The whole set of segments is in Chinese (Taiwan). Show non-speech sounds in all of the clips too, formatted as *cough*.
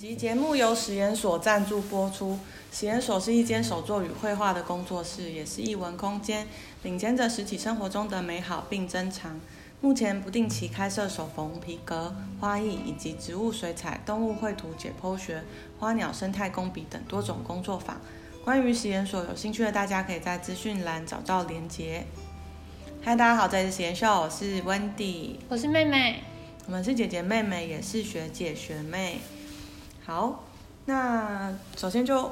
本集節目由拾研所贊助播出。拾研所是一間手作與繪畫的工作室，也是藝文空間，領先着實體生活中的美好並珍藏。目前不定期開設手縫、皮革、花藝以及植物水彩、動物繪圖、解剖學、花鳥生態工筆等多種工作坊。關於拾研所有興趣的大家，可以在資訊欄找到連結。嗨，大家好，這裡是拾研秀，我是 Wendy，我是妹妹，我們是姐姐妹妹，也是學姐學妹。好，那首先就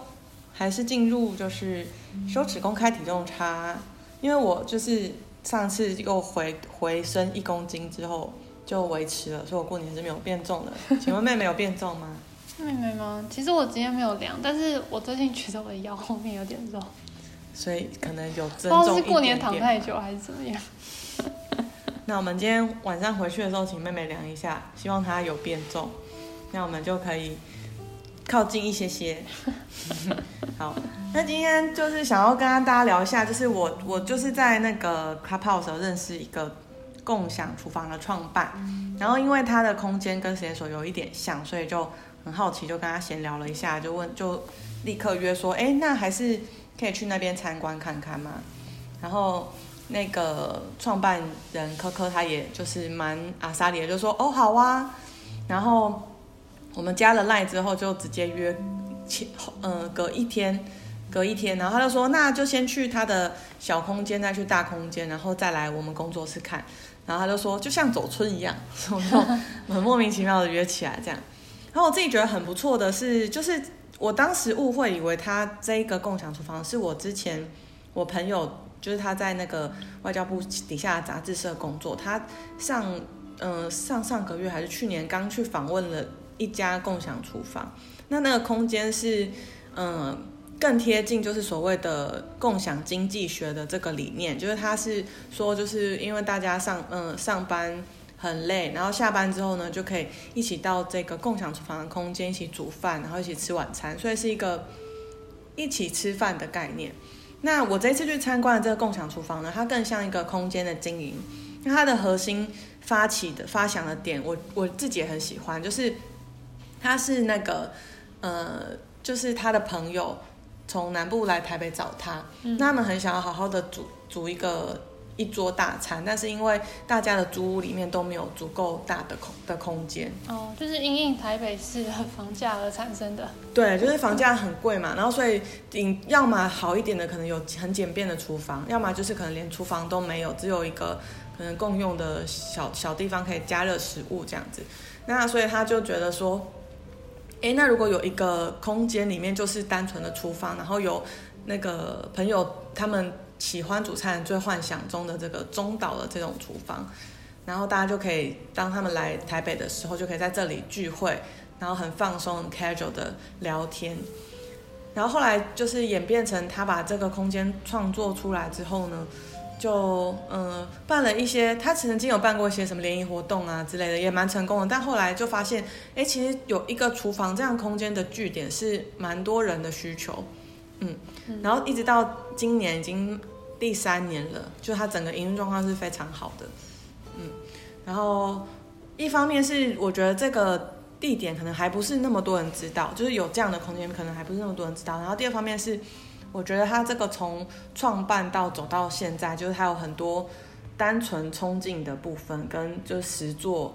還是進入就是首次公開體重差，嗯、因為我就是上次又回回升一公斤之後就維持了，所以我過年是沒有變重的。請問妹妹有變重嗎？ *laughs* 妹妹嗎？其實我今天沒有量，但是我最近覺得我的腰後面有點肉，所以可能有增重一點點。真的、哦、是過年躺太久還是怎麼樣？ *laughs* 那我們今天晚上回去的時候，請妹妹量一下，希望她有變重，那我們就可以。靠近一些些， *laughs* 好，那今天就是想要跟大家聊一下，就是我我就是在那個 Clubhouse 的時候認識一個共享廚房的創辦，嗯、然後因為他的空間跟拾研所有一點像，所以就很好奇，就跟他閒聊了一下，就問就立刻約說，哎，那還是可以去那邊參觀看看嘛。然後那個創辦人科科他也就是蠻阿、啊、莎力的，就說哦好啊，然後。我們加了賴之後，就直接約，前，呃，隔一天，隔一天，然後他就說，那就先去他的小空間，再去大空間，然後再來我們工作室看。然後他就說，就像走春一樣，然後很莫名其妙的約起來這樣。然後我自己覺得很不錯的是，就是我當時誤會以為他這一個共享廚房是我之前我朋友，就是他在那個外交部底下雜誌社工作，他上，嗯、呃，上上個月還是去年剛去訪問了。一家共享廚房，那那個空間是，嗯、呃，更貼近就是所謂的共享經濟學的這個理念，就是它是說，就是因為大家上，嗯、呃，上班很累，然後下班之後呢，就可以一起到這個共享廚房的空間一起煮飯，然後一起吃晚餐，所以是一個一起吃飯的概念。那我這次去參觀的這個共享廚房呢，它更像一個空間的經營，那它的核心發起的發想的點，我我自己也很喜歡，就是。他是那個，呃，就是他的朋友從南部來台北找他，嗯、那他們很想要好好的煮煮一個一桌大餐，但是因為大家的租屋裡面都沒有足夠大的空的空間。哦，就是因應台北市房價而產生的。對，就是房價很貴嘛，嗯、然後所以你要麼好一點的可能有很簡便的廚房，要麼就是可能連廚房都沒有，只有一個可能共用的小小地方可以加熱食物這樣子。那所以他就覺得說。哎、欸，那如果有一個空間裡面就是單純的廚房，然後有那個朋友他們喜歡煮菜，人最幻想中的這個中島的這種廚房，然後大家就可以當他們來台北的時候，就可以在這裡聚會，然後很放鬆，很 casual 的聊天，然後後來就是演變成他把這個空間創作出來之後呢，就嗯、呃、辦了一些，他曾經有辦過一些什麼聯誼活動啊之類的，也蠻成功的。但後來就發現，哎，其實有一個廚房這樣空間的據點是蠻多人的需求，嗯，然後一直到今年已經第三年了，就他整個營運狀況是非常好的，嗯，然後一方面是我覺得這個地點可能還不是那麼多人知道，就是有這樣的空間可能還不是那麼多人知道。然後第二方面是。我覺得他這個從創辦到走到現在，就是他有很多單純衝勁的部分，跟就是實作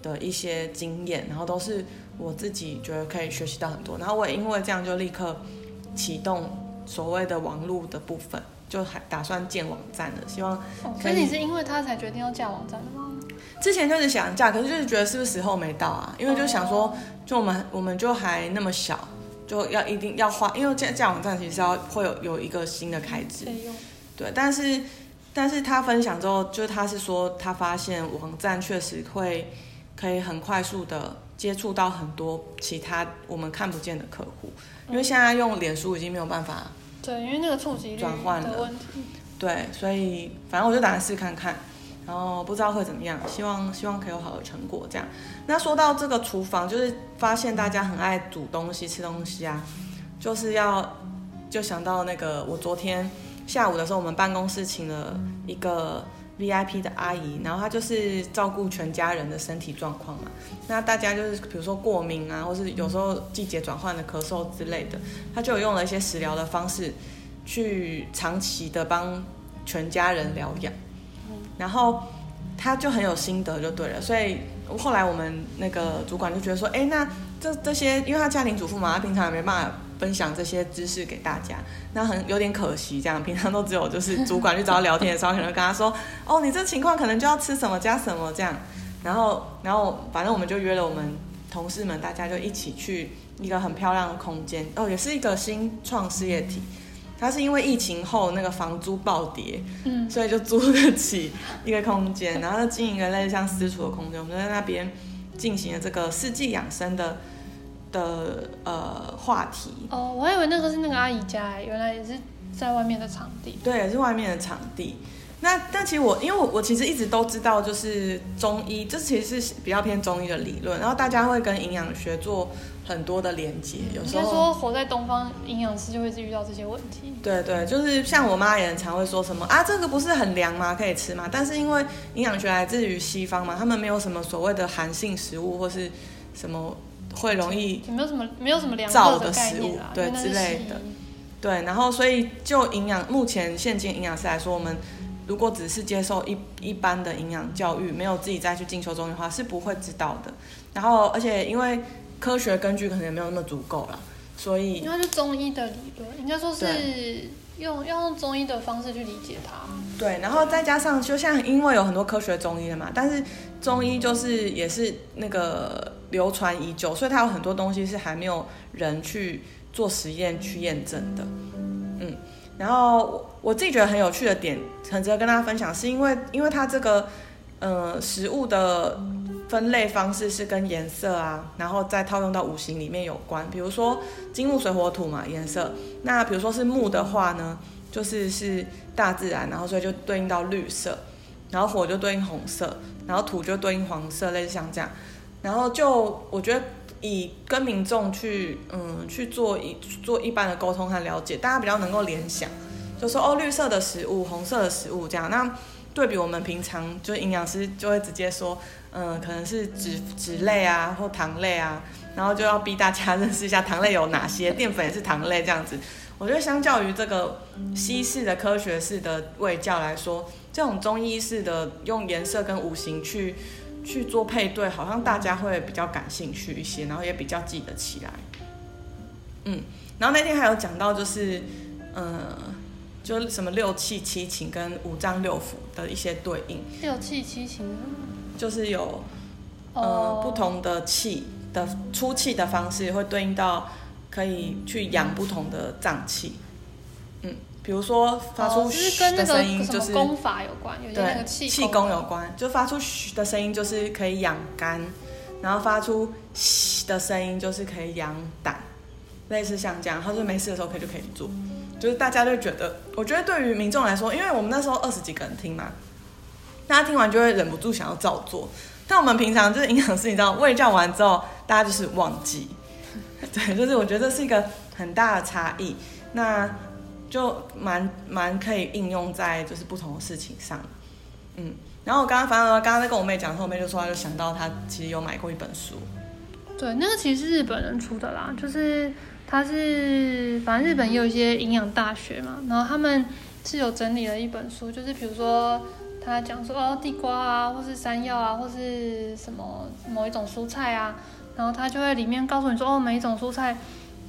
的一些經驗，然後都是我自己覺得可以學習到很多。然後我也因為這樣就立刻啟動所謂的網絡的部分，就還打算建網站的，希望可以。可是你是因為他才決定要架網站的嗎？之前就是想架，可是就是覺得是不是時候沒到啊？因為就想說，就我們我們就還那麼小。就要一定要花，因為這這樣網站其實要會有有一個新的開支，嗯、對，但是但是他分享之後，就是他是說他發現網站確實會可以很快速的接觸到很多其他我們看不見的客戶，嗯、因為現在用臉書已經沒有辦法轉換了，對，因為那個觸及率的問題，對，所以反正我就打算試看看。哦，然後不知道會怎麼樣，希望希望可以有好的成果這樣。那說到這個廚房，就是發現大家很愛煮東西、吃東西啊，就是要就想到那個，我昨天下午的時候，我們辦公室請了一個 VIP 的阿姨，然後她就是照顧全家人的身體狀況嘛。那大家就是比如說過敏啊，或是有時候季節轉換的咳嗽之類的，她就有用了一些食療的方式，去長期的幫全家人療養。然後他就很有心得，就對了。所以後來我們那個主管就覺得說：“哎，那這這些，因為他家庭主婦嘛，他平常也沒辦法分享這些知識給大家，那很有點可惜這樣，平常都只有就是主管去找他聊天的時候，可能跟他說：‘哦，你這情況可能就要吃什麼加什麼這樣。’然後，然後反正我們就約了我們同事們，大家就一起去一個很漂亮的空間。哦，也是一個新創事業體。”他是因為疫情後那個房租暴跌，嗯，所以就租得起一個空間，然後就經營一個類似像私廚的空間。我們就在那邊進行了這個四季養生的的呃話題。哦，我還以為那個是那個阿姨家，嗯、原來也是在外面的場地。對，是外面的場地。那但其實我因為我我其實一直都知道，就是中醫，這其實是比較偏中醫的理論，然後大家會跟營養學做。很多的連接，有時候說活在東方營養師就會遇到這些問題。對對，就是像我媽也很常會說什麼啊，這個不是很涼嗎？可以吃嗎？但是因為營養學來自於西方嘛，他們沒有什麼所謂的寒性食物或是什麼會容易，也沒有什麼沒有什麼燥的食物，對之類的。對，然後所以就營養目前現今營養師來說，我們如果只是接受一一般的營養教育，沒有自己再去進修中醫的話，是不會知道的。然後而且因為。科學根據可能也沒有那麼足夠了，所以因為是中醫的理論，應該對說是用要用中醫的方式去理解它。對，然後再加上就像因為有很多科學中醫的嘛，但是中醫就是也是那個流傳已久，所以它有很多東西是還沒有人去做實驗去驗證的。嗯，然後我我自己覺得很有趣的點，很值得跟大家分享，是因為因為它這個嗯、呃、食物的。分類方式是跟顏色啊，然後再套用到五行裡面有關。比如說金木水火土嘛，顏色。那比如說是木的話呢，就是是大自然，然後所以就對應到綠色，然後火就對應紅色，然後土就對應黃色，類似像這樣。然後就我覺得以跟民眾去嗯去做一做一般的溝通和了解，大家比較能夠聯想，就說哦綠色的食物，紅色的食物這樣那。對比我們平常就營養師就會直接說，嗯，可能是脂脂類啊或糖類啊，然後就要逼大家認識一下糖類有哪些，澱粉也是糖類這樣子。我覺得相較於這個西式的科學式的衛教來說，這種中醫式的用顏色跟五行去去做配對，好像大家會比較感興趣一些，然後也比較記得起來。嗯，然後那天還有講到就是，嗯。就是什麼六氣七情跟五臟六腑的一些對應。六氣七情就是有呃不同的氣的出氣的方式，會對應到可以去養不同的臟器。嗯，比如說發出噓的聲音就是功法有關，有些個氣氣功有關，就發出噓的聲音就是可以養肝，然後發出的聲音就是可以養膽，類似像這樣，他說沒事的時候可以就可以做。就是大家就覺得，我覺得對於民眾來說，因為我們那時候二十幾個人聽嘛，大家聽完就會忍不住想要照做。但我們平常就是營養師，你知道，衛教完之後，大家就是忘記。對，就是我覺得這是一個很大的差異，那就蠻蠻可以應用在就是不同的事情上。嗯，然後我剛剛反而剛剛在跟我妹講的時候，我妹就說，她就想到她其實有買過一本書。對，那個其實是日本人出的啦，就是。他是反正日本也有一些營養大學嘛，然後他們是有整理了一本書，就是比如說他講說哦地瓜啊，或是山藥啊，或是什麼某一種蔬菜啊，然後他就會裡面告訴你說哦每一種蔬菜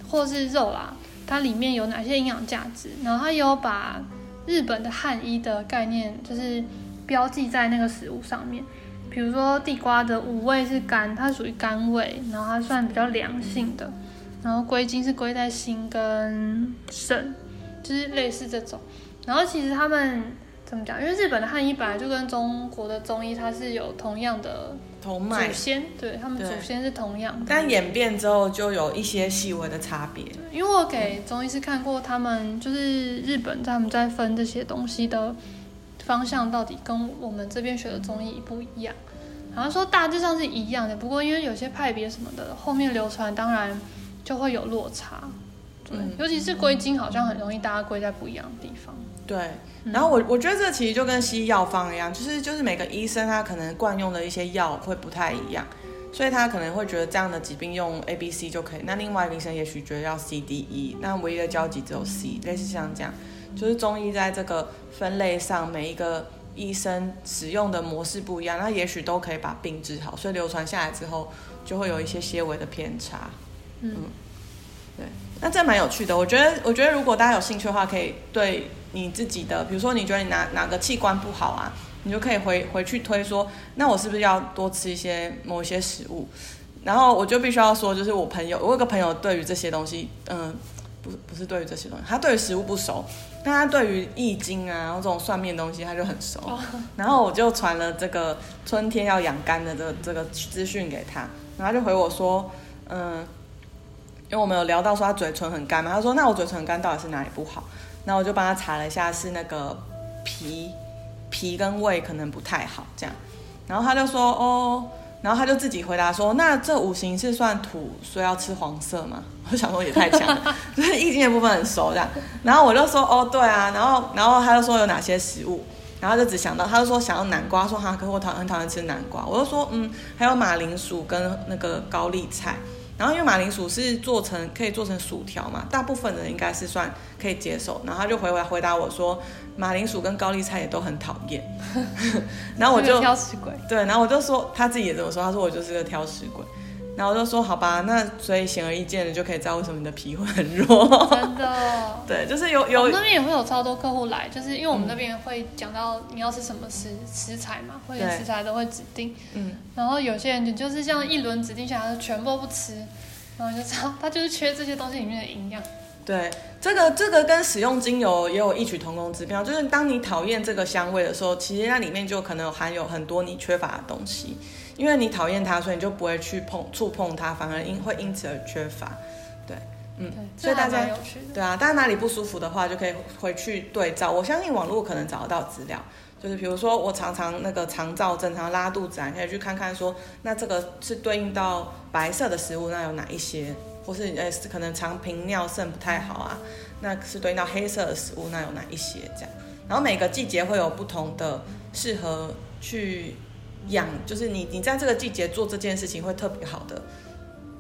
或是肉啦、啊，它裡面有哪些營養價值，然後他也有把日本的漢醫的概念就是標記在那個食物上面，比如說地瓜的五味是甘，它屬於甘味，然後它算比較涼性的。然後歸經是歸在心跟腎，就是類似這種。然後其實他們怎麼講？因為日本的漢醫本來就跟中國的中醫，它是有同樣的同祖先，對他們祖先是同樣，但演變之後就有一些細微的差別。因為我給中醫師看過，他們就是日本他們在分這些東西的方向，到底跟我們這邊學的中醫不一樣。然後說大致上是一樣的，不過因為有些派別什麼的，後面流傳當然。就會有落差，對，嗯、尤其是歸經好像很容易，大家歸在不一樣的地方。對，嗯、然後我我覺得這其實就跟西醫藥方一樣，就是就是每個醫生他可能慣用的一些藥會不太一樣，所以他可能會覺得這樣的疾病用 A B C 就可以，那另外一個醫生也許覺得要 C D E，那唯一的交集只有 C，嗯。類似像這樣，就是中醫在這個分類上，每一個醫生使用的模式不一樣，那也許都可以把病治好，所以流傳下來之後就會有一些些微的偏差。嗯，對，那這蠻有趣的。我覺得，我覺得如果大家有興趣的話，可以對你自己的，比如說你覺得你哪哪個器官不好啊，你就可以回回去推說，那我是不是要多吃一些某一些食物？然後我就必須要說，就是我朋友，我有一個朋友對於這些東西，嗯、呃，不是不是對於這些東西，他對於食物不熟，但他對於易經啊，然後這種算命東西他就很熟。然後我就傳了這個春天要養肝的這個、這個資訊給他，然後他就回我說，嗯、呃。因為我們有聊到說他嘴唇很乾嘛，他說，那我嘴唇很乾到底是哪裡不好？那我就幫他查了一下，是那個脾、脾跟胃可能不太好這樣。然後他就說哦，然後他就自己回答說，那這五行是算土，所以要吃黃色嗎？我想說也太強了， *laughs* 就是易經的部分很熟這樣。然後我就說哦對啊，然後然後他就說有哪些食物，然後就只想到他就說想要南瓜，說他很或討很討厭吃南瓜，我就說嗯，還有馬鈴薯跟那個高麗菜。然後因為馬鈴薯是做成可以做成薯條嘛，大部分人應該是算可以接受。然後他就回回回答我說，馬鈴薯跟高麗菜也都很討厭。 *laughs* 然後我就挑食鬼，對。然後我就說他自己也這麼說，他說我就是個挑食鬼。然後就說好吧，那所以顯而易見的就可以知道為什麼你的皮會很弱。真的， *laughs* 對，就是有有。那邊也會有超多客戶來，就是因為我們那邊會講到你要吃什麼食食材嘛，嗯、或者食材都會指定。對嗯。然後有些人就是像一輪指定下來，他全部都不吃，然後就知道他就是缺這些東西裡面的營養。對，這個這個跟使用精油也有異曲同工之妙，就是當你討厭這個香味的時候，其實那裡面就可能含有很多你缺乏的東西。因為你討厭它，所以你就不會去碰觸碰它，反而因會因此而缺乏，對，嗯，對所以大家，對啊，大家哪裡不舒服的話，就可以回去對照。我相信網絡可能找得到資料，就是比如說我常常那個腸躁症，常常拉肚子，你可以去看看說，那這個是對應到白色的食物，那有哪一些？或是，誒是可能腸平尿腎不太好啊，那是對應到黑色的食物，那有哪一些？這樣，然後每個季節會有不同的適合去。養就是你，你在這個季節做這件事情會特別好的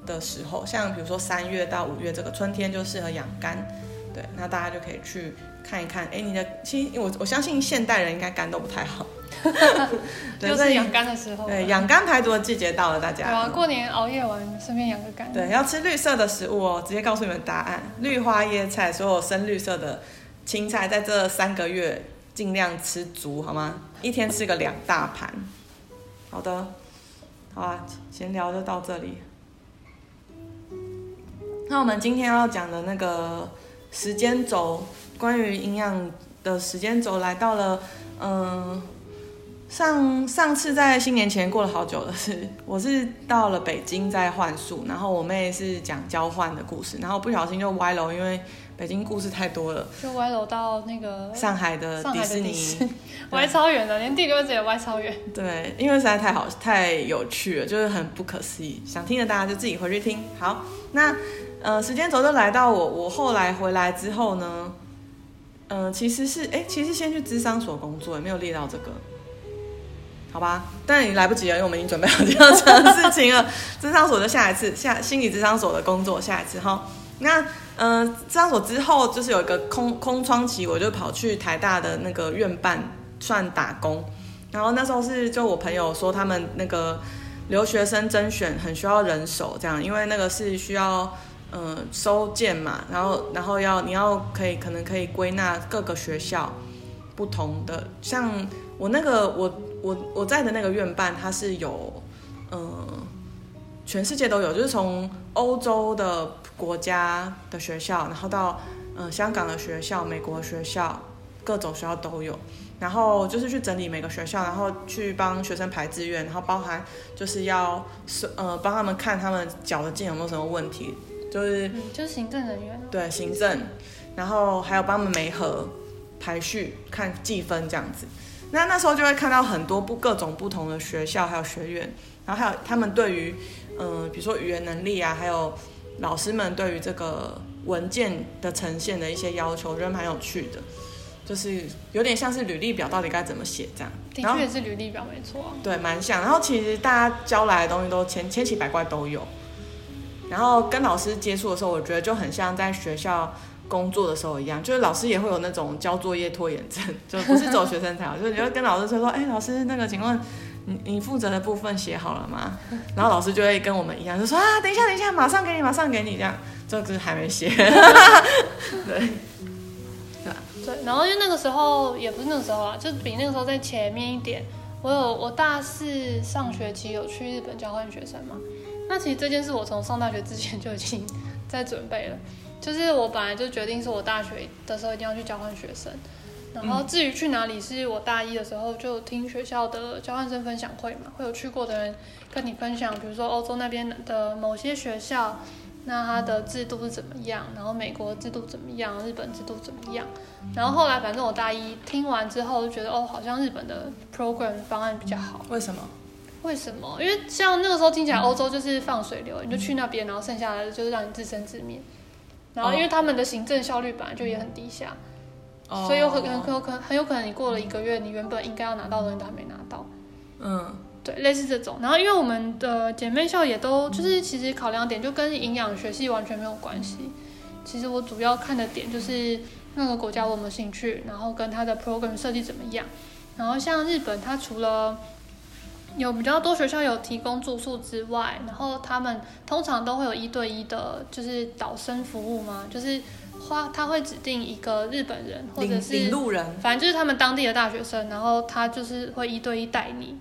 的時候，像比如說三月到五月這個春天就適合養肝，對，那大家就可以去看一看，哎、欸，你的，其實我我相信現代人應該肝都不太好， *laughs* 就是養肝的時候，對，養肝排毒的季節到了，大家啊，過年熬夜完順便養個肝，對，要吃綠色的食物哦，直接告訴你們答案，綠花椰菜，所有深綠色的青菜，在這三個月儘量吃足好嗎？一天吃個兩大盤。 *laughs* 好的，好啊，閒聊就到這裡。那我們今天要講的那個時間軸，關於營養的時間軸，來到了，嗯、呃，上上次在新年前過了好久了，是我是到了北京在換術，然後我妹是講交換的故事，然後不小心就歪樓，因為。.北京故事太多了，就歪樓到那個上海的迪士尼，歪超遠了，連地理位置也歪超遠。對，因為實在太好，太有趣了，就是很不可思議。想聽的大家就自己回去聽。好，那呃，時間軸就來到我，我後來回來之後呢，嗯，其實是哎、欸，其實先去諮商所工作、欸，也沒有列到這個，好吧？但已經來不及了，因為我們已經準備好這樣子的事情了。諮商所的下一次，下心理諮商所的工作下一次哈。那。嗯、呃，上所之後就是有一個空空窗期，我就跑去台大的那個院辦算打工。然後那時候是就我朋友說他們那個留學生甄選很需要人手，這樣，因為那個是需要嗯、呃、收件嘛，然後然後要你要可以可能可以歸納各個學校不同的，像我那個我我我在的那個院辦他是有嗯。呃全世界都有，就是從歐洲的國家的學校，然後到嗯、呃、香港的學校、美國的學校，各種學校都有。然後就是去整理每個學校，然後去幫學生排志願，然後包含就是要是呃幫他們看他們繳的件有沒有什麼問題，就是就是行政人員對行政，然後還有幫他們媒合、排序、看計分這樣子。那那時候就會看到很多不各種不同的學校還有學院，然後還有他們對於。嗯、呃，比如說語言能力啊，還有老師們對於這個文件的呈現的一些要求，我覺得蠻有趣的，就是有點像是履歷表到底該怎麼寫這樣。然後的確，是履歷表沒錯，啊。對，蠻像。然後其實大家交來的東西都千千奇百怪都有，然後跟老師接觸的時候，我覺得就很像在學校工作的時候一樣，就是老師也會有那種交作業拖延症，就不是走學生台， *laughs* 就是你會跟老師說說，哎、欸，老師那個請問。你負責的部分寫好了嗎？然後老師就會跟我們一樣，就說啊，等一下，等一下，馬上給你，馬上給你，這樣，就是還沒寫，對，吧 *laughs* 對，對吧？對，然後因為那個時候也不是那個時候啊，就是比那個時候再前面一點。我有我大四上學期有去日本交換學生嘛？那其實這件事我從上大學之前就已經在準備了，就是我本來就決定是我大學的時候一定要去交換學生。然後至於去哪裡，是我大一的時候就聽學校的交換生分享會嘛，會有去過的人跟你分享，比如說歐洲那邊的某些學校，那它的制度是怎麼樣，然後美國制度怎麼樣，日本制度怎麼樣。然後後來反正我大一聽完之後，就覺得哦，好像日本的 program 的方案比較好。為什麼？為什麼？因為像那個時候聽起來歐洲就是放水流，你就去那邊，然後剩下來的就是讓你自生自滅。然後因為他們的行政效率本來就也很低下。Oh, 所以有很可能，好好有可能很有可能你過了一個月，你原本應該要拿到的東西都還沒拿到。嗯，uh, 對，類似這種。然後因為我們的姐妹校也都就是其實考量點就跟營養學系完全沒有關係。其實我主要看的點就是那個國家有沒有興趣，然後跟它的 program 設計怎麼樣。然後像日本，它除了有比較多學校有提供住宿之外，然後他們通常都會有一對一的，就是導生服務嘛，就是。花他會指定一個日本人，或者是路人，反正就是他們當地的大學生，然後他就是會一對一帶你，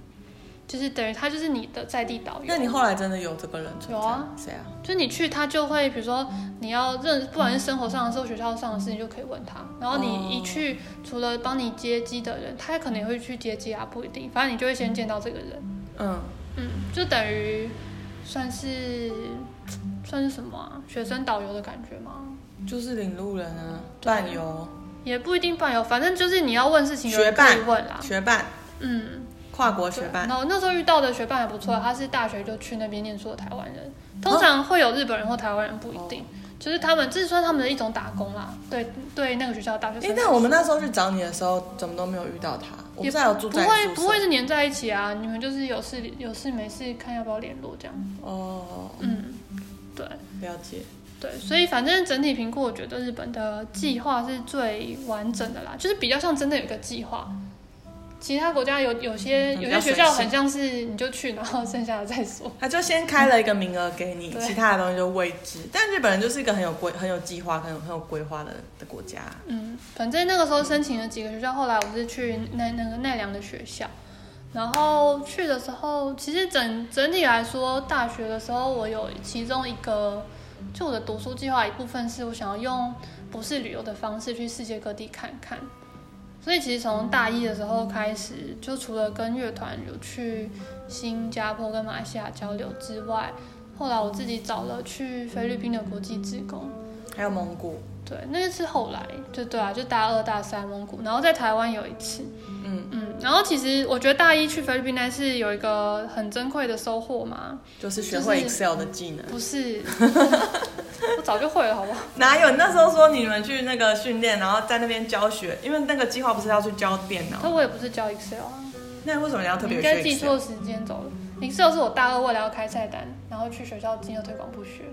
就是等於他就是你的在地導遊。那你後來真的有這個人？有啊，誰啊？就你去，他就會比如說你要認，不管是生活上的事或學校上的事情，就可以問他。然後你一去，除了幫你接機的人，他可能也會去接機啊，不一定。反正你就會先見到這個人。嗯嗯，就等於算是。算是什麼啊？學生導遊的感覺嗎？就是領路人啊，伴遊也不一定伴遊，反正就是你要問事情有去問啦，學伴，嗯，跨國學伴。然後那時候遇到的學伴還不錯，他是大學就去那邊念書的台灣人，通常會有日本人或台灣人，不一定，就是他們這是算他們的一種打工啦。對對，那個學校的大學生。哎，但我們那時候去找你的時候，怎麼都沒有遇到他？不有不會不會是黏在一起啊？你們就是有事有事沒事看要不要聯絡這樣。哦，嗯。對，了解。對，所以反正整體評估，我覺得日本的計劃是最完整的啦，嗯、就是比較像真的有個計劃。其他國家有有些、嗯嗯、有些學校很像是你就去，然後剩下的再說。他就先開了一個名額給你，嗯、其他的東西就未知。對但日本人就是一個很有規、很有計劃、很有很有規劃的的國家。嗯，反正那個時候申請了幾個學校，後來我是去奈那，那個奈良的學校。然後去的時候，其實整整體來說，大學的時候我有其中一個，就我的讀書計劃一部分是，我想要用不是旅遊的方式去世界各地看看。所以其實從大一的時候開始，嗯、就除了跟樂團有去新加坡跟馬來西亞交流之外，後來我自己找了去菲律賓的國際志工，還有蒙古，對，那是後來就對啊，就大二大三蒙古，然後在台灣有一次，嗯。嗯然後其實我覺得大一去菲律賓那是有一個很珍貴的收穫嘛，就是學會 Excel 的技能。不是，我早就會了，好不好？哪有？那時候說你們去那個訓練，然後在那邊教學，因為那個計劃不是要去教電腦。可我也不是教 Excel 啊。那為什麼你要特別講？應該記錯時間走了。Excel 是我大二為了要開菜單，然後去學校金融推廣部學，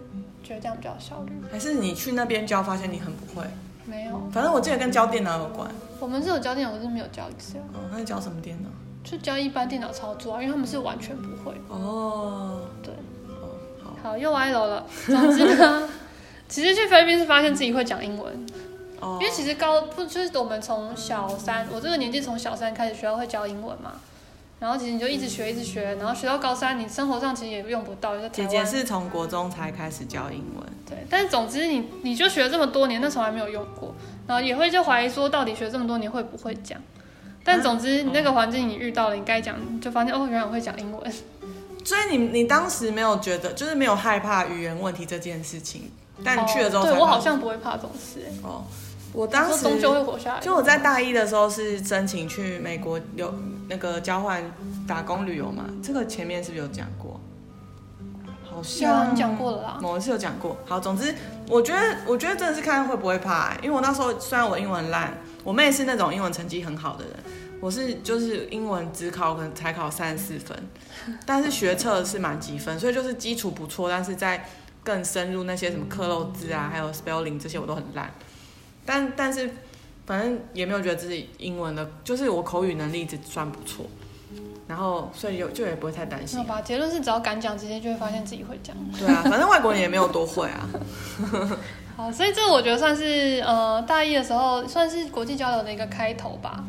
覺得這樣比較效率。還是你去那邊教，發現你很不會？沒有，反正我記得跟教電腦有關。嗯、我們是有教電腦，我是沒有教 Excel。哦，那你教什麼電腦？就教一般電腦操作啊，因為他們是完全不會。哦，對，哦，好，好又歪樓了。總之呢， *laughs* 其實去菲律賓是發現自己會講英文，哦、因為其實高不就是我們從小三，我這個年紀從小三開始學校會教英文嘛。然後其實你就一直學一直學，嗯、然後學到高三，你生活上其實也用不到。就是、姐姐是從國中才開始教英文。對，但是總之你你就學了這麼多年，但從來沒有用過，然後也會就懷疑說到底學這麼多年會不會講？但總之你、啊嗯、那個環境你遇到了，你該講你就發現哦，原來我會講英文。所以你你當時沒有覺得就是沒有害怕語言問題這件事情，但你去了、哦、之後我對我好像不會怕這種事哦。我當時就我在大一的時候是申請去美國有那個交換打工旅遊嘛，這個前面是不是有講過？好像你講過了啦，某一次有講過。好，總之我覺得我覺得真的是看會不會怕，因為我那時候雖然，我英文爛，我妹妹是那種英文成績很好的人，我是就是英文只考可能才考三十四分，但是學測是滿級分，所以就是基礎不錯，但是在更深入那些什麼克漏字啊，還有 spelling 這些我都很爛。但但是，反正也沒有覺得自己英文的，就是我口語能力一直算不錯，然後所以就就也不會太擔心啊。好吧，結論是只要敢講，直接就會發現自己會講。對啊，反正外國人也沒有多會啊。 *laughs* *laughs* 好，所以這個我覺得算是呃大一的時候算是國際交流的一個開頭吧。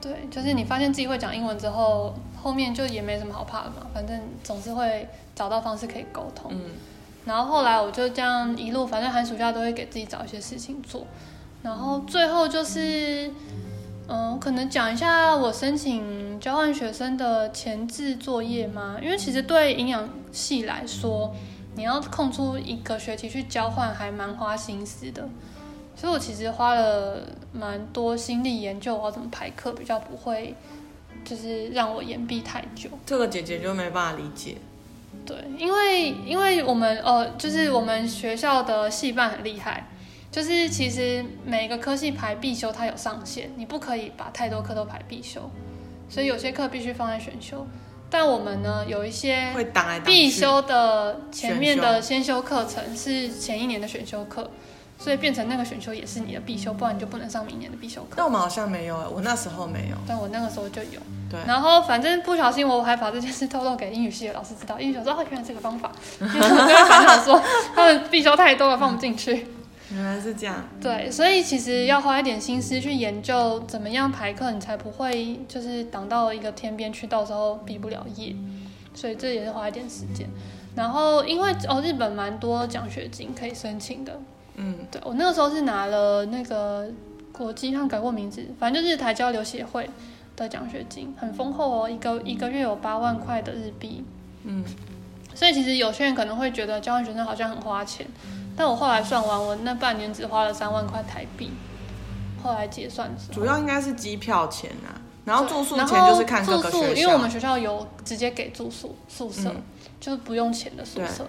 對，就是你發現自己會講英文之後，後面就也沒什麼好怕的嘛，反正總是會找到方式可以溝通。嗯。然後後來我就這樣一路，反正寒暑假都會給自己找一些事情做。然後最後就是，嗯、呃，可能講一下我申請交換學生的前置作業嘛。因為其實對營養系來說，你要空出一個學期去交換還蠻花心思的。所以我其實花了蠻多心力研究我要怎麼排課，比較不會就是讓我延畢太久。這個姐姐就沒辦法理解。對，因為因為我們呃，就是我們學校的系辦很厲害，就是其實每個科系排必修，它有上限，你不可以把太多課都排必修，所以有些課必須放在選修。但我們呢，有一些必修的前面的先修課程是前一年的選修課。所以變成那個選修也是你的必修，不然你就不能上明年的必修課。那我們好像沒有，我那時候沒有，但我那個時候就有。對，然後反正不小心我還把這件事透露給英語系的老師知道，英語老師說哦，原來這個方法，因為他們說他們必修太多了放不進去。原來是這樣。對，所以其實要花一點心思去研究怎麼樣排課，你才不會就是擋到一個天邊去，到時候畢不了業。所以這也是花一點時間。然後因為哦，日本蠻多獎學金可以申請的。嗯，對我那個時候是拿了那個國際上改過名字，反正就是台交流協會的獎學金，很豐厚哦，一個一個月有八萬塊的日幣。嗯，所以其實有些人可能會覺得交換學生好像很花錢，但我後來算完，我那半年只花了三萬塊台幣。後來結算主要應該是機票錢啊，然後住宿錢，就是看各個學校住宿，因為我們學校有直接給住宿宿舍，嗯、就是不用錢的宿舍。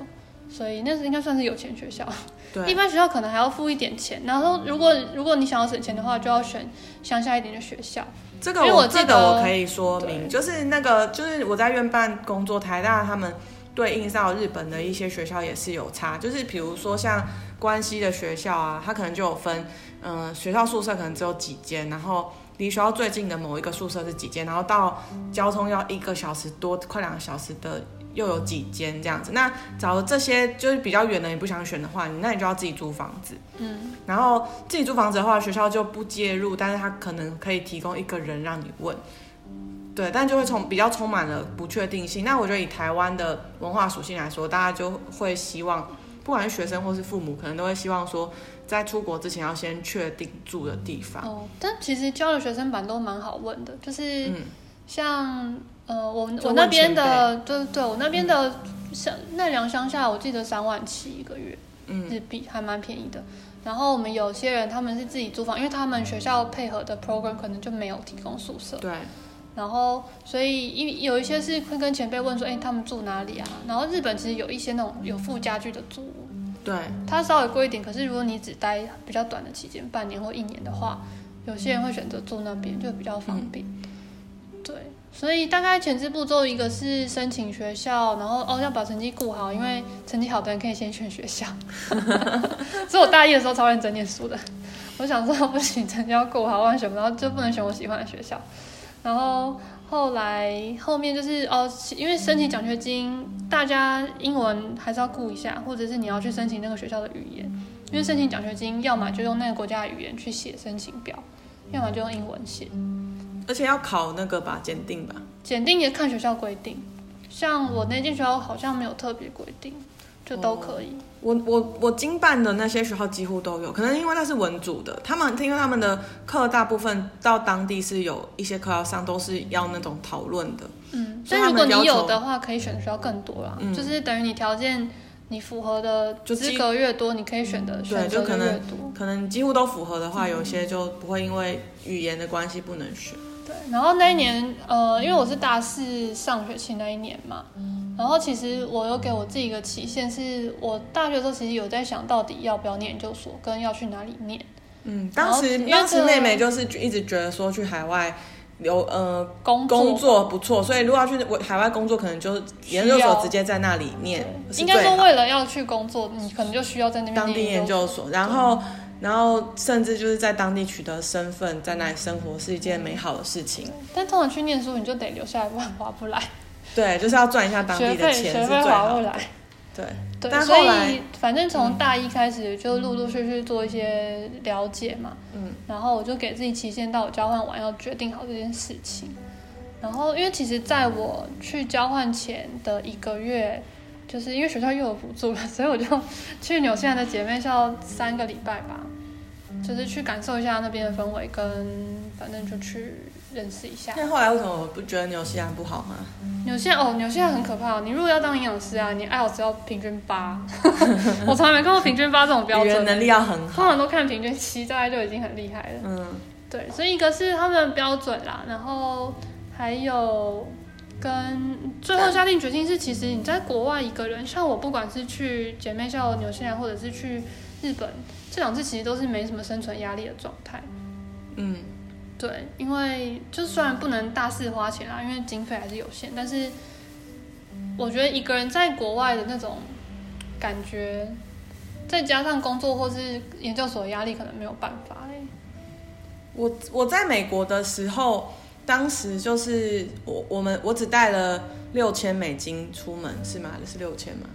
所以那是應該算是有錢學校，對， *laughs* 一般學校可能還要付一點錢。然後如果、嗯、如果你想要省錢的話，就要選鄉下一點的學校。這個我，我這個我可以說明，對就是那個就是我在院辦工作，台大他們對應上日本的一些學校也是有差，就是比如說像關西的學校啊，他可能就有分，嗯、呃，學校宿舍可能只有幾間，然後離學校最近的某一個宿舍是幾間，然後到交通要一個小時多，快兩個小時的。又有幾間這樣子，那找了這些就是比較遠的，你不想選的話，你那你就要自己租房子。嗯，然後自己租房子的話，學校就不介入，但是他可能可以提供一個人讓你問。嗯、對，但就會從比較充滿了不確定性。那我覺得以台灣的文化屬性來說，大家就會希望，不管是學生或是父母，可能都會希望說，在出國之前要先確定住的地方。哦，但其實交流學生版都蠻好問的，就是、嗯、像。呃，我我那邊的對對，我那邊的鄉奈良鄉下，我記得三萬七一個月日幣，嗯、還蠻便宜的。然後我們有些人他們是自己租房，因為他們學校配合的 program 可能就沒有提供宿舍。對、嗯。然後所以因有一些是會跟前輩問說，哎，他們住哪裡啊？然後日本其實有一些那種有附家具的租屋，對、嗯，它稍微貴一點，可是如果你只待比較短的期間，半年或一年的話，有些人會選擇住那邊，就比較方便。嗯、對。所以大概前置步驟一個是申請學校，然後哦要把成績顧好，因為成績好的人可以先選學校。 *laughs* 所以我大一的時候超認真念書的，我想說不行，成績要顧好，萬選不到就不能選我喜歡的學校。然後後來後面就是哦，因為申請獎學金，大家英文還是要顧一下，或者是你要去申請那個學校的語言，因為申請獎學金，要麼就用那個國家的語言去寫申請表，要麼就用英文寫。而且要考那個吧，檢定吧，檢定也看學校規定，像我那間學校好像沒有特別規定，就都可以。哦、我我我經辦的那些學校幾乎都有，可能因為那是文組的，他們聽說他們的課大部分到當地是有一些課要上，都是要那種討論的。嗯，所以如果你有的話，可以選學校更多了，嗯、就是等於你條件你符合的資格越多，你可以選的選擇越多就可能。可能幾乎都符合的話，有些就不會因為語言的關係不能選。然後那一年，嗯、呃，因為我是大四上學期那一年嘛，嗯、然後其實我有給我自己一個期限是，是我大學的時候其實有在想到底要不要念研究所，跟要去哪裡念。嗯，當時後、這個、當時妹妹就是一直覺得說去海外留呃工作工作不錯，所以如果要去我海外工作，可能就研究所直接在那裡念。要是對 應該說為了要去工作，你、嗯、可能就需要在那邊念當地研，研究所，然後。然後甚至就是在當地取得身份，在那裡生活是一件美好的事情。嗯。但通常去念書，你就得留下來，不然划不來。對，就是要賺一下當地的錢是的，費，學費划不來。對，對。對，但所以反正從大一開始就陸陸續續,續,續做一些了解嘛。嗯。然後我就給自己期限，到我交換完要決定好這件事情。然後因為其實在我去交換前的一個月，就是因為學校又有補助，所以我就去紐西蘭的姐妹校三個禮拜吧。就是去感受一下那邊的氛圍，跟反正就去認識一下。那後來為什麼我不覺得紐西蘭不好呢？嗯、紐西蘭哦，紐西蘭很可怕，哦。你如果要當營養師啊，你 IELTS 要平均八， *laughs* *laughs* 我從來沒看過平均八這種標準，欸。語言能力要很好。通常都看平均七，大概就已經很厲害了。嗯，對，所以一個是他們標準啦，然後還有跟最後下定決心是，其實你在國外一個人，像我，不管是去姐妹校紐西蘭，或者是去。日本這兩次其實都是沒什麼生存壓力的狀態，嗯，對，因為就是雖然不能大肆花錢啊，因為經費還是有限，但是我覺得一個人在國外的那種感覺，再加上工作或是研究所的壓力，可能沒有辦法嘞。我我在美國的時候，當時就是我我們我只帶了六千美金出門。是嗎？是六千嗎？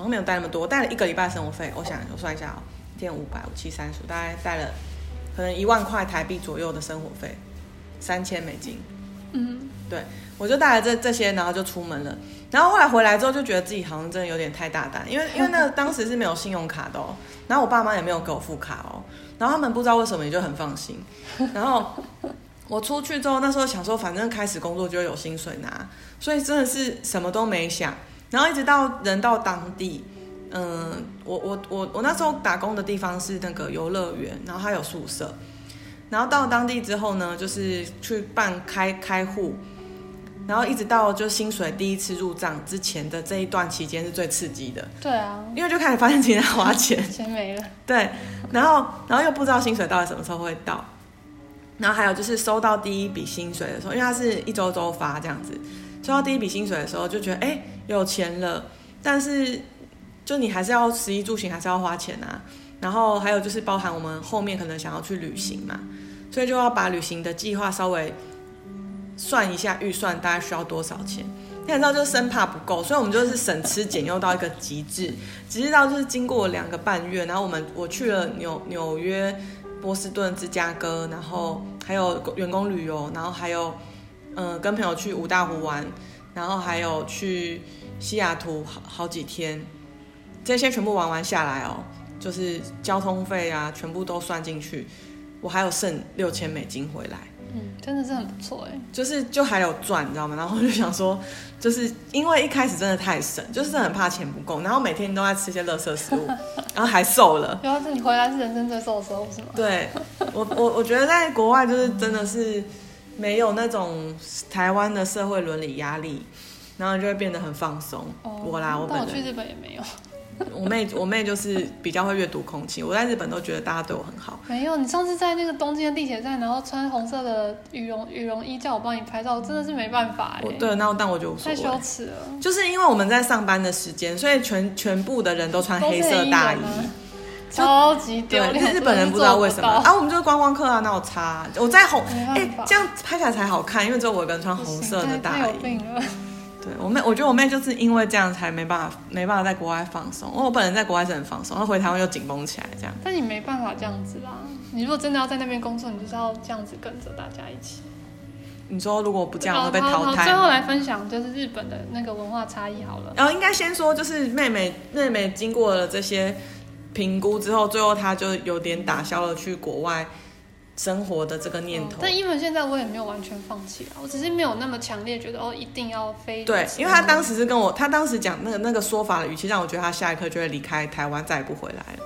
然後沒有帶那麼多，帶了一個禮拜生活費。我想，我算一下哦，一天五百五七三十，大概帶了可能一萬塊台幣左右的生活費，三千美金。嗯哼，對，我就帶了這這些，然後就出門了。然後後來回來之後，就覺得自己好像真的有點太大膽，因為因為那個當時是沒有信用卡的哦，然後我爸媽也沒有給我附卡哦，然後他們不知道為什麼，也就很放心。然後我出去之後，那時候想說，反正開始工作就有薪水拿，所以真的是什麼都沒想。然後一直到人到當地，嗯、呃，我我我我那時候打工的地方是那個遊樂園，然後還有宿舍。然後到當地之後呢，就是去辦開開戶，然後一直到就薪水第一次入賬之前的這一段期間是最刺激的。對啊，因為就開始發現今天要花錢，錢沒了。對，然後 Okay. 然後又不知道薪水到底什麼時候會到，然後還有就是收到第一筆薪水的時候，因為它是一周周發這樣子。收到第一筆薪水的時候就覺得哎、欸、有錢了，但是就你還是要食衣住行還是要花錢啊，然後還有就是包含我們後面可能想要去旅行嘛，所以就要把旅行的計劃稍微算一下預算，大概需要多少錢，你知道，就生怕不夠，所以我們就是省吃儉用到一個極致，直至到就是經過兩個半月，然後我們我去了紐紐約、波士頓、芝加哥，然後還有員工旅遊，然後還有。嗯、呃，跟朋友去五大湖玩，然後還有去西雅圖好好幾天，這些全部玩完下來哦，就是交通費啊，全部都算進去，我還有剩六千美金回來。嗯，真的是很不錯哎。就是就還有賺，你知道嗎？然後我就想說，就是因為一開始真的太省，就是真的很怕錢不夠，然後每天都在吃一些垃圾食物， *laughs* 然後還瘦了。主要是你回來是人生最瘦的時候，是嗎？對我我我覺得在國外就是真的是。嗯沒有那種台灣的社會倫理壓力，然後就會變得很放鬆。Oh, 我啦，我本我去日本也沒有。 *laughs* 我妹，我妹就是比較會閱讀空氣。我在日本都覺得大家對我很好。沒有，你上次在那個東京的地鐵站，然後穿紅色的羽絨羽絨衣叫我幫你拍照，嗯、真的是沒辦法哎。對，那但我就太羞恥了，就是因為我們在上班的時間，所以全全部的人都穿黑色大衣。超級丟臉！對日本人不知道為什麼啊，我們就是觀光客啊，那有差、啊。我在紅，哎、欸，這樣拍起來才好看，因為只有我一個人穿紅色的大衣。對我妹，我覺得我妹就是因為這樣才沒辦法沒辦法在國外放鬆，因為我本人在國外是很放鬆，然後回台灣又緊繃起來這樣。但你沒辦法這樣子啦，你如果真的要在那邊工作，你就是要這樣子跟着大家一起。你說如果不這樣吧會被淘汰。最後來分享就是日本的那個文化差異好了，然後、哦、應該先說就是妹妹妹妹經過了這些。評估之後，最後他就有點打消了去國外生活的這個念頭、嗯。但英文現在我也沒有完全放棄啊，我只是沒有那麼強烈覺得哦一定要飛。對，飛去飛，因為他當時是跟我，他當時講那個那個說法的語氣，讓我覺得他下一刻就會離開台灣再也不回來了。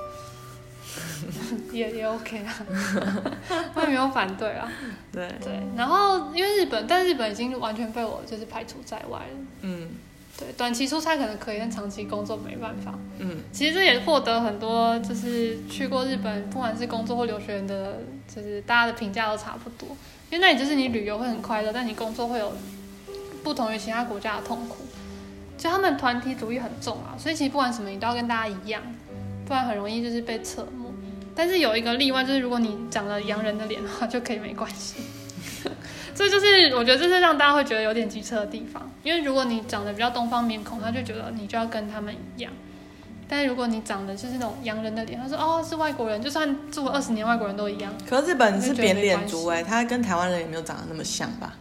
也也 OK 啊，我也沒有反對啊。對、嗯、對，然後因為日本，但日本已經完全被我就是排除在外了。嗯。對，短期出差可能可以，但長期工作沒辦法。嗯，其實這也獲得很多，就是去過日本，不管是工作或留學人的，就是大家的評價都差不多。因為那裡就是你旅遊會很快樂，但你工作會有不同於其他國家的痛苦。就他們團體主義很重啊，所以其實不管什麼，你都要跟大家一樣，不然很容易就是被側目。但是有一個例外，就是如果你長了洋人的臉的話，就可以沒關係。這 *laughs* 就是我覺得這是讓大家會覺得有點機車的地方，因為如果你長得比較東方面孔，他就覺得你就要跟他們一樣；但是如果你長得就是那種洋人的臉，他說哦是外國人，就算住了二十年外國人都一樣。可是日本是扁臉族哎，他跟台灣人也沒有長得那麼像吧？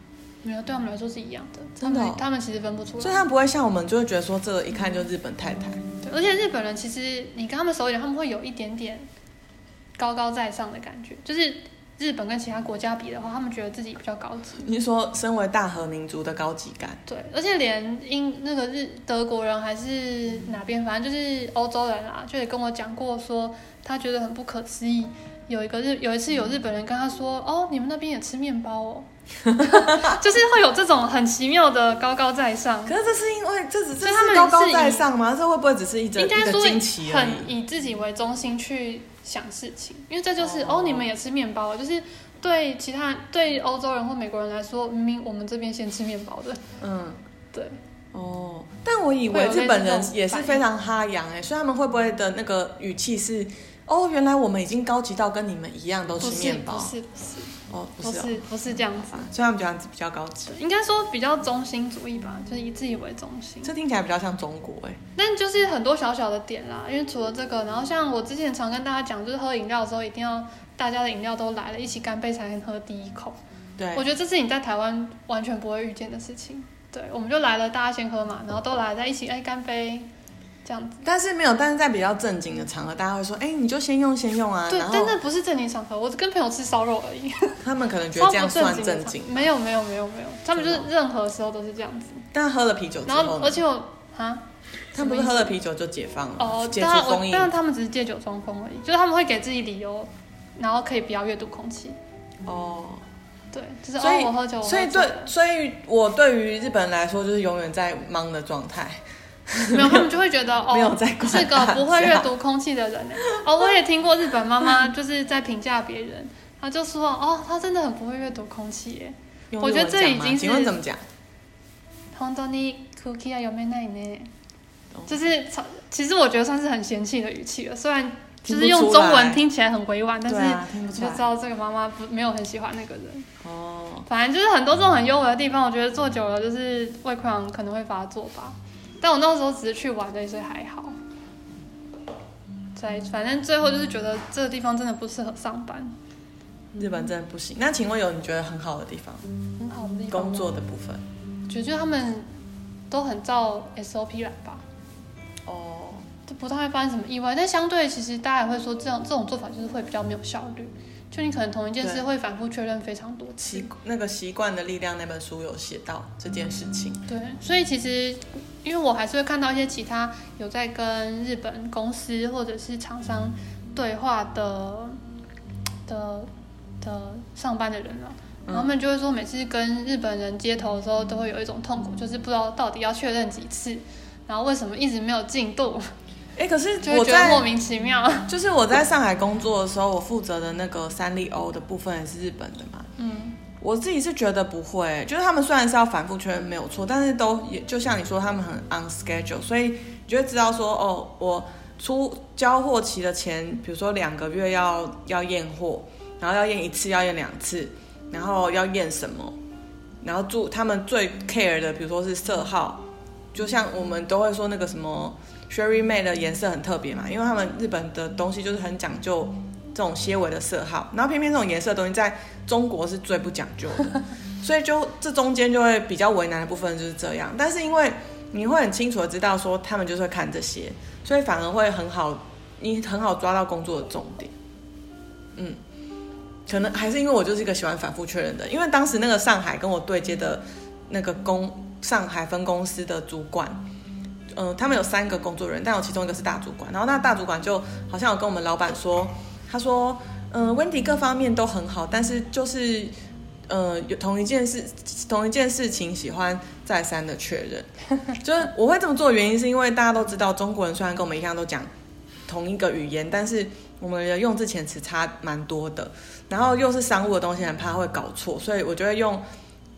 沒有，對他、啊、們來說是一樣的，他們真的、哦，他們其實分不出來，所以他不會像我們就會覺得說這個一看就是日本太太、嗯。對，而且日本人其實你跟他們熟一點，他們會有一點點高高在上的感覺，就是。日本跟其他國家比的話，他們覺得自己比較高級。你說，身為大和民族的高級感？對，而且連英那個日德國人還是哪邊，反正就是歐洲人啊，就也跟我講過說，他覺得很不可思議。有一個日有一次有日本人跟他說：“嗯、哦，你們那邊也吃麵包哦。 *laughs* ”就是會有這種很奇妙的高高在上。 *laughs* 可是這是因為，這只是高高在上嗎？這會不會只是一整個驚奇？應該說很以自己為中心去。想事情，因為這就是、oh. 哦，你們也吃面包，就是對其他對歐洲人或美國人來說，明明我們這邊先吃面包的，嗯，對，哦，但我以為日本人也是非常哈洋哎、欸，所以他們會不會的那個語氣是，哦，原來我們已經高級到跟你們一樣都吃面包？是是是。哦，不是、哦，不是這樣子，嗯、所以他們這樣子比較高級，應該說比較中心主義吧，就是以自己為中心。這聽起來比較像中國哎、欸，但就是很多小小的點啦，因為除了這個，然後像我之前常跟大家講，就是喝飲料的時候一定要大家的飲料都來了，一起乾杯才能喝第一口。對，我覺得這是你在台灣完全不會遇見的事情。對，我們就來了，大家先喝嘛，然後都來在一起，哎，乾杯。這樣子，但是沒有，但是在比較正經的場合，大家會說，哎，你就先用先用啊。對，但那不是正經場合，我跟朋友吃燒肉而已。他們可能覺得這樣算正經。沒有沒有沒有沒有，他們就是任何時候都是這樣子。但喝了啤酒之後，而且我啊，他們不是喝了啤酒就解放了？哦，解除封印。但但他們只是借酒裝瘋而已，就是他們會給自己理由，然後可以不要閱讀空氣。哦，對，就是哦，我喝酒，所以對，所以我對於日本人來說，就是永遠在忙的狀態。沒有，他們就會覺得哦，是個不會閱讀空氣的人呢。哦，我也聽過日本媽媽就是在評價別人，她就說哦，她真的很不會閱讀空氣耶。我覺得這已經是……請問怎麼講？本當に空気は読めないね。就是其實我覺得算是很嫌棄的語氣了，雖然就是用中文聽起來很委婉，但是我就知道這個媽媽不沒有很喜歡那個人哦。反正就是很多這種很幽微的地方，我覺得做久了就是胃潰瘍可能會發作吧。但我那時候只是去玩，所以還好。對，反正最後就是覺得這個地方真的不適合上班。日本真的不行。那請問有你覺得很好的地方？嗯、很好的地方。工作的部分，嗯、覺得他們都很照 SOP 來吧。哦。就不太會發生什麼意外，但相對其實大家也會說，這樣這種做法就是會比較沒有效率。就你可能同一件事會反覆確認非常多次，那個習慣的力量那本書有寫到這件事情。對，所以其實因為我還是會看到一些其他有在跟日本公司或者是廠商對話的的的、的上班的人啊，然後他們、嗯、就會說，每次跟日本人接頭的時候都會有一種痛苦，就是不知道到底要確認幾次，然後為什麼一直沒有進度。哎、欸，可是我在覺得莫名其妙，就是我在上海工作的時候，我負責的那個三麗鷗的部分也是日本的嘛。嗯，我自己是覺得不會、欸，就是他們雖然是要反覆確認沒有錯，但是都也就像你說，他們很 on schedule，所以你就會知道說，哦，我出交貨期的前，比如說兩個月要要驗貨，然後要驗一次，要驗兩次，然後要驗什麼，然後住他們最 care 的，比如說是色號，就像我們都會說那個什麼。Sherry 妹的顏色很特別嘛，因為他們日本的東西就是很講究這種纖維的色號，然後偏偏這種顏色的東西在中國是最不講究的，所以就這中間就會比較為難的部分就是這樣。但是因為你會很清楚的知道說他們就是會看這些，所以反而會很好，你很好抓到工作的重點。嗯，可能還是因為我就是一個喜歡反復確認的，因為當時那個上海跟我對接的那個公上海分公司的主管。嗯、呃，他們有三個工作人但有其中一個是大主管。然後那大主管就好像有跟我們老闆說，他說：“嗯、呃，溫迪各方面都很好，但是就是，呃，有同一件事，同一件事情喜歡再三的確認。就是我會這麼做的原因，是因為大家都知道中國人雖然跟我們一樣都講同一個語言，但是我們的用字遣詞差蠻多的。然後又是商務的東西，很怕會搞錯，所以我就會用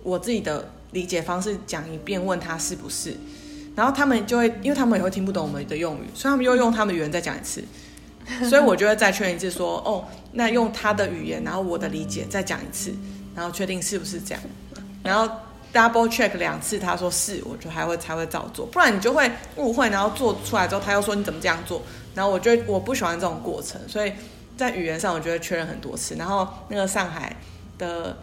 我自己的理解方式講一遍，問他是不是。”然後他們就會，因為他們也會聽不懂我們的用語，所以他們又用他們的語言再講一次，所以我就會再確認一次說，說哦，那用他的語言，然後我的理解再講一次，然後確定是不是這樣，然後 double check 兩次，他說是，我就還會才會照做，不然你就會誤會，然後做出來之後他又說你怎麼這樣做，然後我就我不喜歡這種過程，所以在語言上，我就會確認很多次，然後那個上海的。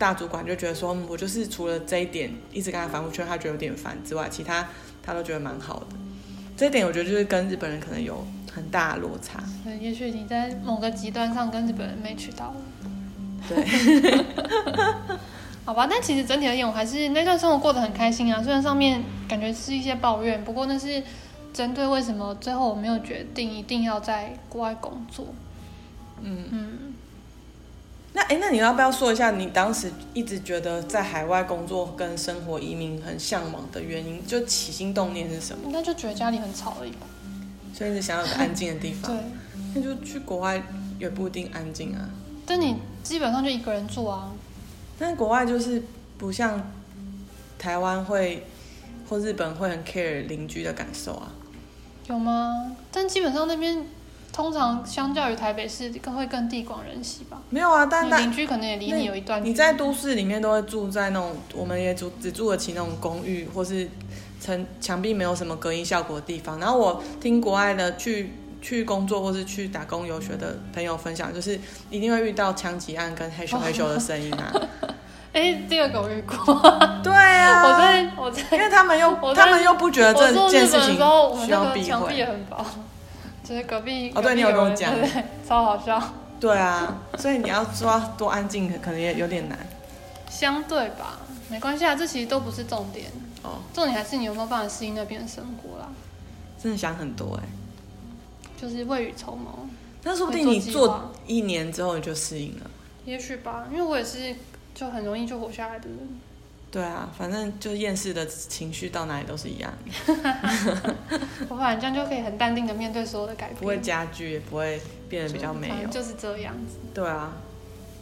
大主管就覺得說，我就是除了這一點一直跟他反覆確認，他覺得有點煩之外，其他他都覺得蠻好的。這一點我覺得就是跟日本人可能有很大的落差。也許你在某個極端上跟日本人沒取到對， *laughs* *laughs* 好吧。但其實整體而言，我還是那段生活過得很開心啊。雖然上面感覺是一些抱怨，不過那是針對為什麼最後我沒有決定一定要在國外工作。嗯嗯。嗯那哎、欸，那你要不要說一下你當時一直覺得在海外工作跟生活移民很嚮往的原因？就起心動念是什麼？那就覺得家裡很吵而已，所以是想要有個安靜的地方。 *laughs* 對，那就去國外也不一定安靜啊。但你基本上就一個人住啊。嗯、但國外就是不像台灣會或日本會很 care 鄰居的感受啊。有嗎？但基本上那邊。通常相較於台北市，更會更地廣人稀吧。沒有啊，但鄰居可能也離那你有一段。你在都市裡面都會住在那種，嗯、我們也住只住得起那種公寓，或是牆牆壁沒有什麼隔音效果的地方。然後我聽國外的去去工作，或是去打工遊學的朋友分享，就是一定會遇到槍擊案跟嘿咻嘿咻的聲音啊。哎、 *laughs* 欸，第二個我遇過。 *laughs* 對啊，我在我在，我在因為他們又在他們又不覺得這件事情需要避諱.。 *laughs* 就是隔壁哦，喔、對有你有跟我講，對，超好笑。對啊， *laughs* 所以你要抓多安靜，可可能也有點難。相對吧，沒關係啊，這其實都不是重點。哦，重點還是你有沒有辦法適應那邊的生活啦？真的想很多哎、欸，就是未雨綢繆。但是說不定你做，你做一年之後你就適應了。也許吧，因為我也是就很容易就活下來的人。對啊，反正就是厭世的情緒到哪裡都是一樣的。 *laughs* *laughs* 我反正就可以很淡定的面對所有的改變，不會加劇，也不會變得比較沒有。就，就是這樣子。對啊，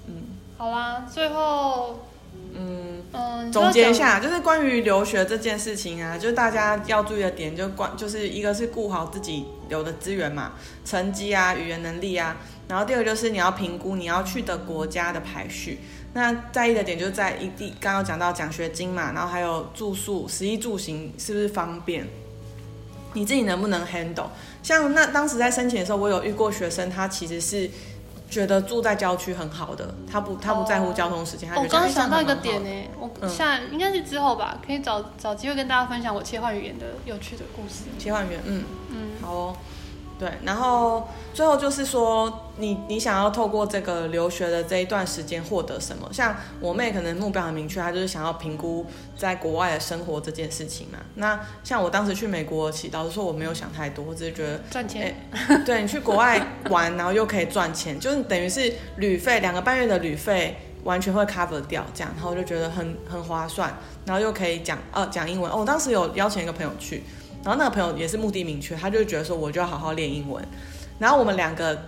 嗯。好啦、啊，最後，嗯嗯，嗯就總結一下，嗯、就是關於留學這件事情啊，就大家要注意的點，就關就是一個是顧好自己有的資源嘛，成績啊，語言能力啊，然後第二個就是你要評估你要去的國家的排序。那在意的點就是在一地，剛剛講到獎學金嘛，然後還有住宿，食衣住行是不是方便？你自己能不能 handle？像那當時在申請的時候，我有遇過學生，他其實是覺得住在郊區很好的，他不他不在乎交通時間，哦、他覺得。我剛剛想到一個點呢，我下應該是之後吧，可以找找機會跟大家分享我切換語言的有趣的故事。切換語言，嗯嗯，好哦。對，然後最後就是說你，你你想要透過這個留學的這一段時間獲得什麼？像我妹可能目標很明確，她就是想要評估在國外的生活這件事情嘛。那像我當時去美國，老實說我沒有想太多，我只是覺得賺錢。欸、對，你去國外玩，然後又可以賺錢， *laughs* 就是等於是旅費兩個半月的旅費完全會 cover 掉，這樣，然後我就覺得很很划算，然後又可以講呃講英文。哦，我當時有邀請一個朋友去。然後那個朋友也是目的明確，他就覺得說，我就要好好練英文。然後我們兩個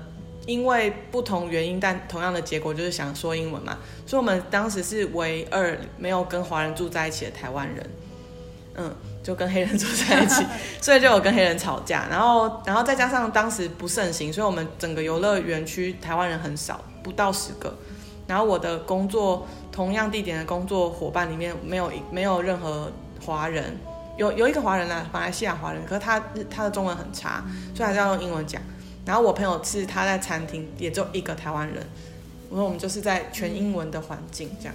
因為不同原因，但同樣的結果就是想說英文嘛。所以我們當時是唯二沒有跟華人住在一起的台灣人，嗯，就跟黑人住在一起，所以就有跟黑人吵架。然後，然後再加上當時不盛行，所以我們整個遊樂園區台灣人很少，不到十個。然後我的工作同樣地點的工作夥伴裡面沒有，沒有任何華人。有有一個華人啦、啊，馬來西亞華人，可是他他的中文很差，所以還是要用英文講。然後我朋友是他在餐廳也就有一個台灣人，我說我們就是在全英文的環境這樣，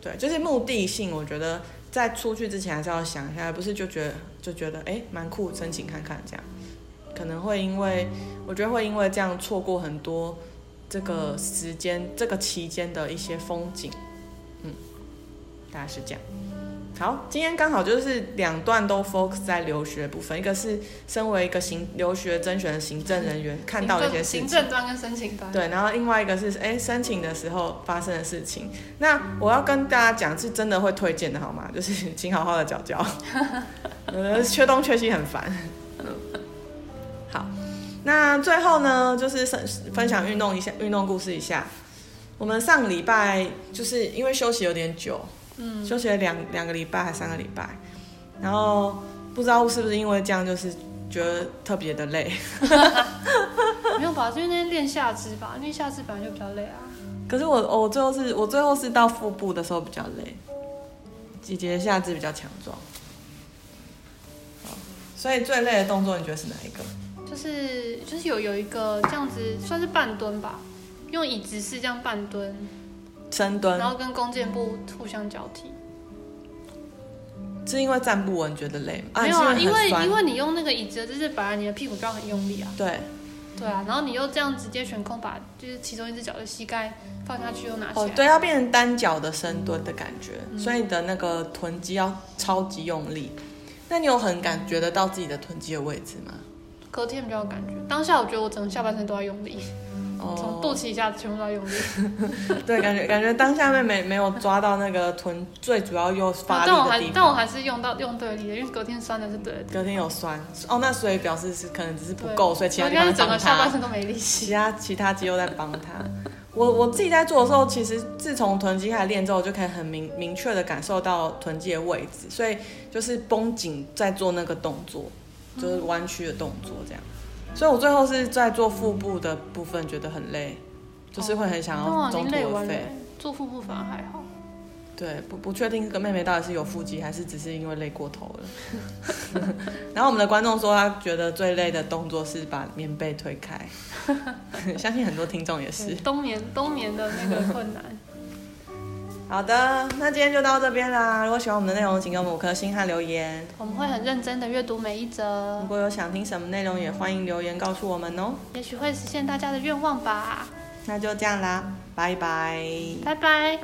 對，就是目的性，我覺得在出去之前還是要想一下，而不是就覺得就覺得哎、欸，蠻酷，申請看看這樣，可能會因為我覺得會因為這樣錯過很多這個時間這個期間的一些風景，嗯，大概是這樣。好，今天剛好就是兩段都 focus 在留學的部分，一個是身為一個行留學甄選的行政人員看到的一些行政端跟申請端，對，然後另外一個是哎、欸、申請的時候發生的事情。那我要跟大家講，是真的會推薦的，好嗎？就是 *laughs* 請好好的交交， *laughs* 缺東缺西很煩。好，那最後呢，就是分分享運動一下，運動故事一下。我們上禮拜就是因為休息有點久。嗯、休息了兩兩個禮拜還是三個禮拜，然後不知道是不是因為這樣，就是覺得特別的累。 *laughs* 沒有吧，就是那天練下肢吧，因為下肢本來就比較累啊。可是我我最後是我最後是到腹部的時候比較累。姐姐下肢比較強壯。好，所以最累的動作你覺得是哪一個？就是就是有有一個這樣子算是半蹲吧，用椅子式這樣半蹲。深蹲，然後跟弓箭步互相交替。是因為站不穩覺得累嗎？啊、沒有啊，因為因為你用那個椅子，就是本來你的屁股就要很用力啊。對，對啊，然後你又這樣直接懸空，把就是其中一只腳的膝蓋放下去又拿起來，哦、對，要變成單腳的深蹲的感覺，嗯、所以你的那個臀肌要超級用力。嗯、那你有很感覺得到自己的臀肌的位置嗎？隔天比較有感覺，當下我覺得我整個下半身都在用力。從、oh. 肚臍以下全部都要用力， *laughs* 對，感覺感覺當下面沒沒有抓到那個臀，最主要又發力的。但我，oh, 還但我還是用到用對力的，因為隔天酸的是對的。隔天有酸哦，oh, 那所以表示是可能只是不夠，對所以其他地方幫他。整個下半身都沒力氣，其他其他肌肉在幫他。 *laughs* 我我自己在做的時候，其實自從臀肌開始練之後，就可以很明明確的感受到臀肌的位置，所以就是繃緊在做那個動作，就是彎曲的動作這樣。嗯嗯所以我最後是在做腹部的部分，覺得很累，哦、就是會很想要中途而廢。做腹部反而還好。對，不不確定這個妹妹到底是有腹肌，還是只是因為累過頭了。 *laughs* *laughs* 然後我們的觀眾說，她覺得最累的動作是把棉被推開。 *laughs* 相信很多聽眾也是冬眠，冬眠的那個困難。 *laughs* 好的，那今天就到這邊啦。如果喜歡我們的內容，請給我們五顆星和留言，我們會很認真的閱讀每一則。如果有想聽什麼內容，也歡迎留言告訴我們哦，也許會實現大家的願望吧。那就這樣啦，拜拜，拜拜。